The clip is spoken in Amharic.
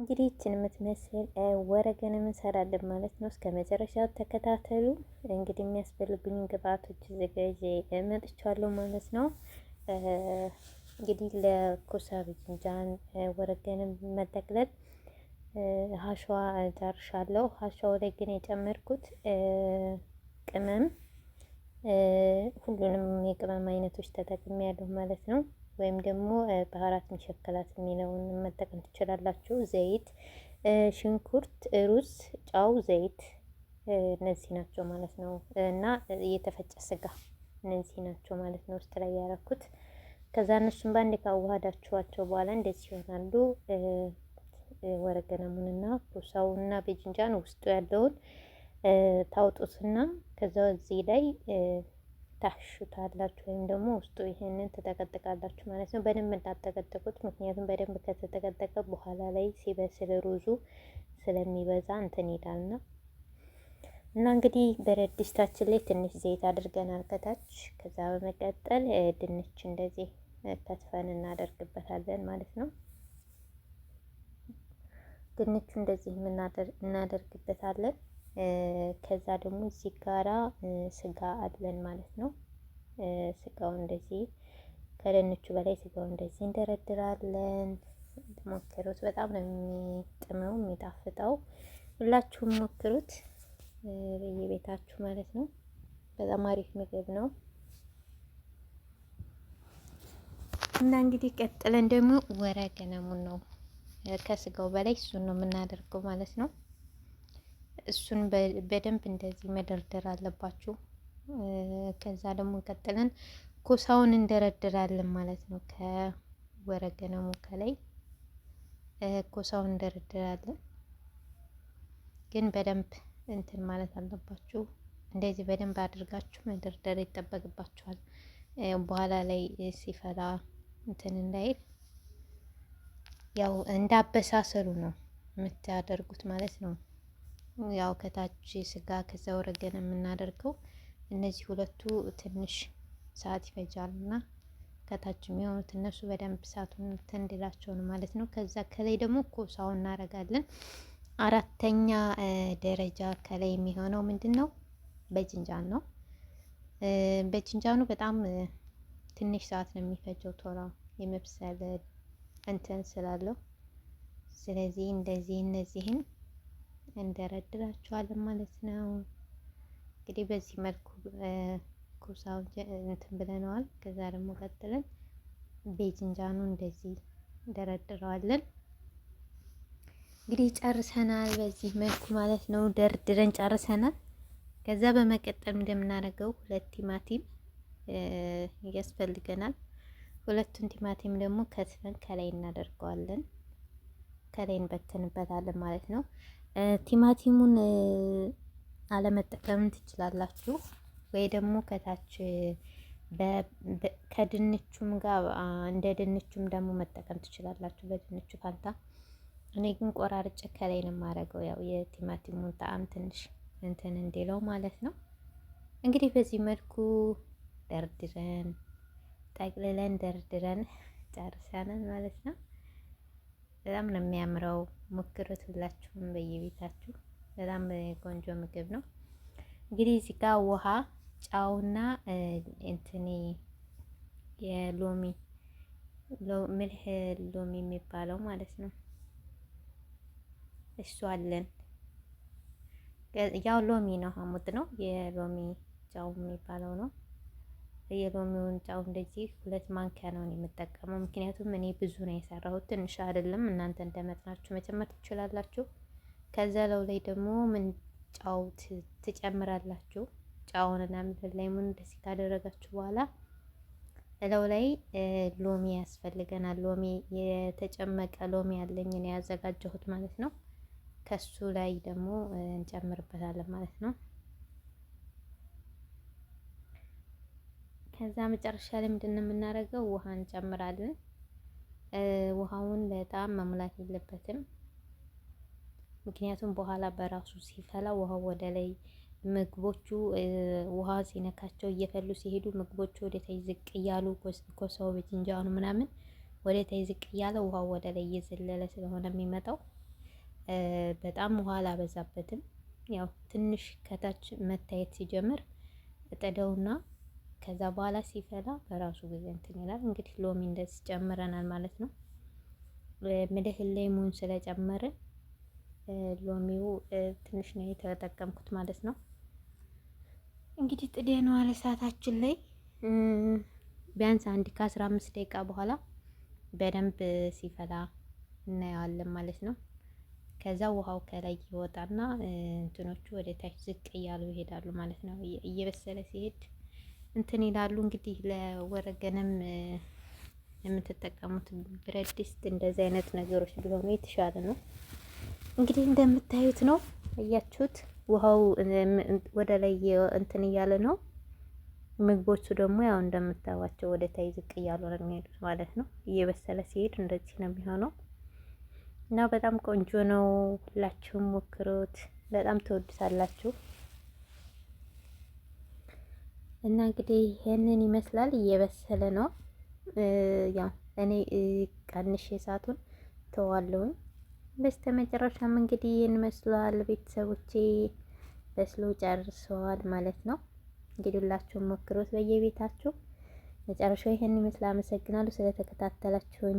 እንግዲህ ይችን የምትመስል ወረገን እንሰራለን ማለት ነው። እስከ መጨረሻው ተከታተሉ። እንግዲህ የሚያስፈልጉኝ ግብአቶች ዘጋጅ መጥቻለሁ ማለት ነው። እንግዲህ ለኩሳ ብጅንጃን ወረገን መጠቅለል ሀሸዋ ዳርሻለሁ። ሀሸዋ ላይ ግን የጨመርኩት ቅመም ሁሉንም የቅመም አይነቶች ተጠቅሜ ያለሁ ማለት ነው። ወይም ደግሞ ባህራት መሸከላት የሚለውን መጠቀም ትችላላችሁ። ዘይት፣ ሽንኩርት፣ ሩዝ፣ ጫው፣ ዘይት እነዚህ ናቸው ማለት ነው። እና የተፈጨ ስጋ እነዚህ ናቸው ማለት ነው ውስጥ ላይ ያረኩት። ከዛ እነሱም በአንድ ካዋሃዳችኋቸው በኋላ እንደዚህ ይሆናሉ። ወረገነሙንና ቡሳውንና ቤጅንጃን ውስጡ ያለውን ታውጡትና ከዛ እዚህ ላይ ታሹታላችሁ ወይም ደግሞ ውስጡ ይሄንን ትጠቀጥቃላችሁ ማለት ነው። በደንብ እንዳጠቀጠቁት ምክንያቱም በደንብ ከተጠቀጠቀ በኋላ ላይ ሲበስል ሩዙ ስለሚበዛ እንትን ይላልና እና እንግዲህ በረድ ድስታችን ላይ ትንሽ ዘይት አድርገናል ከታች። ከዛ በመቀጠል ድንች እንደዚህ ከትፈን እናደርግበታለን ማለት ነው። ድንቹ እንደዚህ እናደርግበታለን። ከዛ ደግሞ እዚህ ጋራ ስጋ አለን ማለት ነው። ስጋው እንደዚህ ከደንቹ በላይ ስጋው እንደዚህ እንደረድራለን። ሞክሩት፣ በጣም ነው የሚጥመው የሚጣፍጠው። ሁላችሁም ሞክሩት በየቤታችሁ ማለት ነው። በጣም አሪፍ ምግብ ነው እና እንግዲህ ቀጥለን ደግሞ ወረገነሙን ነው ከስጋው በላይ እሱን ነው የምናደርገው ማለት ነው። እሱን በደንብ እንደዚህ መደርደር አለባችሁ። ከዛ ደግሞ ቀጥለን ኮሳውን እንደረድራለን ማለት ነው። ከወረገነሙ ከላይ ኮሳውን እንደረድራለን። ግን በደንብ እንትን ማለት አለባችሁ። እንደዚህ በደንብ አድርጋችሁ መደርደር ይጠበቅባችኋል። በኋላ ላይ ሲፈላ እንትን እንዳይል ያው እንዳበሳሰሉ ነው የምታደርጉት ማለት ነው። ያው ከታች ስጋ ከዛ ወረገን የምናደርገው እነዚህ ሁለቱ ትንሽ ሰዓት ይፈጃል እና ከታች የሚሆኑት እነሱ በደንብ ሰዓቱን ተንድላቸውን ማለት ነው። ከዛ ከላይ ደግሞ ኮሳው እናረጋለን። አራተኛ ደረጃ ከላይ የሚሆነው ምንድን ነው? በጅንጃን ነው። በጅንጃኑ በጣም ትንሽ ሰዓት ነው የሚፈጀው ቶሎ የመብሰል እንትን ስላለው፣ ስለዚህ እንደዚህ እነዚህን እንደረድራቸዋለን ማለት ነው። እንግዲህ በዚህ መልኩ ኩሳውን እንትን ብለነዋል። ከዛ ደግሞ ቀጥለን ቤጅንጃኑ እንደዚህ እንደረድረዋለን። እንግዲህ ጨርሰናል፣ በዚህ መልኩ ማለት ነው። ደርድረን ጨርሰናል። ከዛ በመቀጠል እንደምናደርገው ሁለት ቲማቲም ያስፈልገናል። ሁለቱን ቲማቲም ደግሞ ከትፈን ከላይ እናደርገዋለን። ከላይ እንበትንበታለን ማለት ነው። ቲማቲሙን አለመጠቀም ትችላላችሁ ወይ ደግሞ ከታች ከድንቹም ጋር እንደ ድንቹም ደግሞ መጠቀም ትችላላችሁ በድንቹ ፋንታ። እኔ ግን ቆራርጬ ከላይ ነው የማደርገው፣ ያው የቲማቲሙን ጣዕም ትንሽ እንትን እንዲለው ማለት ነው። እንግዲህ በዚህ መልኩ ደርድረን ጠቅልለን ደርድረን ጨርሰናል ማለት ነው። በጣም ነው የሚያምረው። ሞክሩት ሁላችሁም በየቤታችሁ በጣም ቆንጆ ምግብ ነው። እንግዲህ እዚህ ጋር ውሃ፣ ጫውና እንትኔ የሎሚ ምልህ ሎሚ የሚባለው ማለት ነው እሱ አለን። ያው ሎሚ ነው፣ ሀሙድ ነው የሎሚ ጫው የሚባለው ነው። የሎሚውን ጫው እንደዚህ ሁለት ማንኪያ ነው የምጠቀመው። ምክንያቱም እኔ ብዙ ነው የሰራሁት፣ ትንሽ አይደለም። እናንተ እንደመጥናችሁ መጨመር ትችላላችሁ። ከዛ ለው ላይ ደግሞ ምን ጫው ትጨምራላችሁ። እና ምድር ላይ ምን እንደዚህ ካደረጋችሁ በኋላ እለው ላይ ሎሚ ያስፈልገናል። ሎሚ የተጨመቀ ሎሚ ያለኝ ነው ያዘጋጀሁት ማለት ነው። ከሱ ላይ ደግሞ እንጨምርበታለን ማለት ነው። ከዛ መጨረሻ ላይ ምንድን ነው የምናደርገው? ውሃ እንጨምራለን። ውሃውን በጣም መሙላት የለበትም፣ ምክንያቱም በኋላ በራሱ ሲፈላ ውሃው ወደ ላይ ምግቦቹ ውሃ ሲነካቸው እየፈሉ ሲሄዱ ምግቦቹ ወደ ታች ዝቅ እያሉ ኮሰው በጅንጃኑ ምናምን ወደ ታች ዝቅ እያለ ውሃው ወደ ላይ እየዘለለ ስለሆነ የሚመጣው በጣም ውሃ አላበዛበትም። ያው ትንሽ ከታች መታየት ሲጀምር ጥደውና ከዛ በኋላ ሲፈላ በራሱ ጊዜ እንትን ይላል። እንግዲህ ሎሚ እንደዚህ ጨምረናል ማለት ነው። ምልህ ሌሙን ስለጨመርን ሎሚው ትንሽ ነው የተጠቀምኩት ማለት ነው። እንግዲህ ጥዴ ነው አለ ሰዓታችን ላይ ቢያንስ አንድ ከአስራ አምስት ደቂቃ በኋላ በደንብ ሲፈላ እናየዋለን ማለት ነው። ከዛ ውሃው ከላይ ይወጣና እንትኖቹ ወደ ታች ዝቅ እያሉ ይሄዳሉ ማለት ነው። እየበሰለ ሲሄድ እንትን ይላሉ። እንግዲህ ለወረገንም የምትጠቀሙት ብረት ድስት እንደዚህ አይነት ነገሮች ቢሆኑ የተሻለ ነው። እንግዲህ እንደምታዩት ነው። አያችሁት? ውሃው ወደ ላይ እንትን እያለ ነው። ምግቦቹ ደግሞ ያው እንደምታዩቸው ወደ ታይ ዝቅ እያሉ ነው የሚሄዱት ማለት ነው። እየበሰለ ሲሄድ እንደዚህ ነው የሚሆነው እና በጣም ቆንጆ ነው። ሁላችሁም ሞክሩት፣ በጣም ትወዱታላችሁ። እና እንግዲህ ይሄንን ይመስላል። እየበሰለ ነው። ያው እኔ ቀንሼ እሳቱን ተዋለሁኝ። በስተመጨረሻም እንግዲህ ይህን መስሏል። ቤተሰቦቼ በስሎ ጨርሰዋል ማለት ነው። እንግዲህ ሁላችሁም ሞክሩት በየቤታችሁ። መጨረሻው ይሄን ይመስላል። አመሰግናለሁ ስለተከታተላችሁኝ።